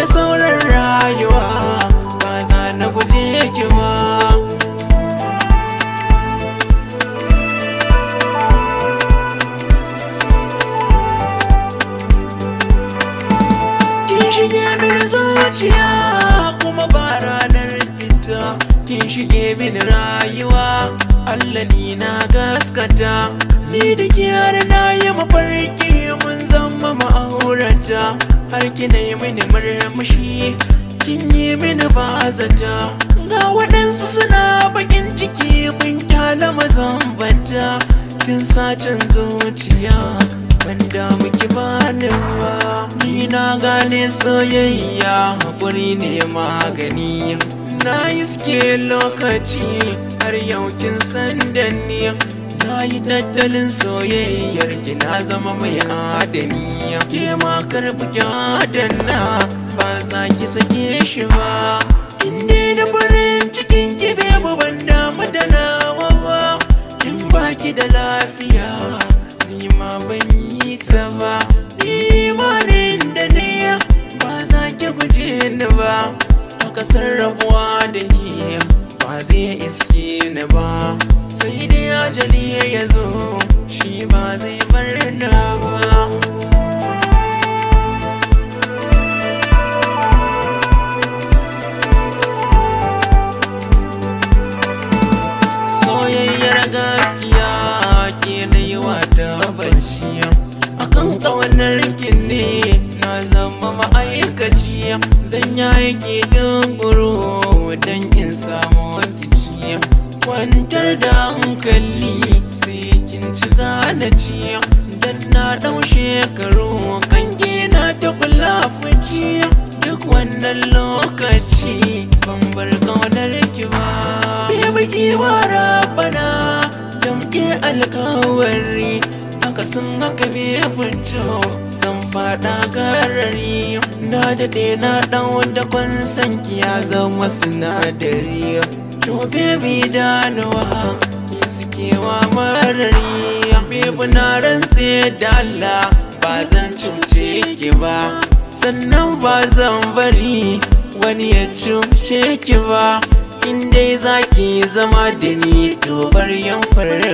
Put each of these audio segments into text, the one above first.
da sauran rayuwa ba za na guje ki ba Kin shige mini zuciya kuma ba ranar fita Kin shige mini rayuwa Allah ni na gaskata ni da zata har kina yi mini murmushi kin yi mini ba zata ga waɗansu suna bakin ciki mun kyala mazan bata kin sacin zuciya wanda muke ba. ni na gane soyayya hakuri ne magani na iske lokaci har yau kin san da na yi tattalin soyayyar ki na zama mai adani ke ma karbi ki na ba za ki sake shi ba kin na farin cikin ki mu ban damu da nawa ba kin da lafiya ni ma ban yi ta ba ni ma da ne ba za ki guje ni ba ka sarrafuwa da ke ba zai iske ni ba sai dai ajali ya zo shi ba zai bar ni ba gaskiya ke na yi wata banciya akan kawanar rikin ne na zama ma'aikaciya zan ya yake kwantar da hankali sai kin ci zanaci dan na dau shekaru kan gina ta kula fuci duk wannan lokaci ban bar kaunar ki ba bi ki wara bana jam'i alkawari haka sun haka bai fito zan fada garari na daɗe na ɗan wanda kun san ya zama sinadari To nawa danuwa ke sikewa marari Baby na rantse da Allah ba zan cuce ki ba Sannan ba zan bari wani ya cuce ki ba In dai za ki zama da ni to bar yan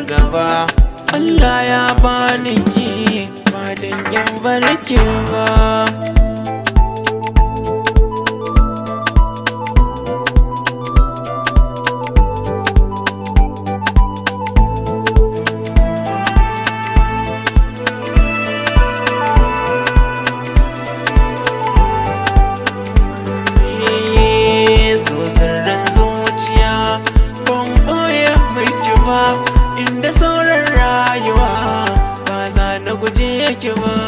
gaba. Allah ya bani ki ba dan barkin barki ba ki ba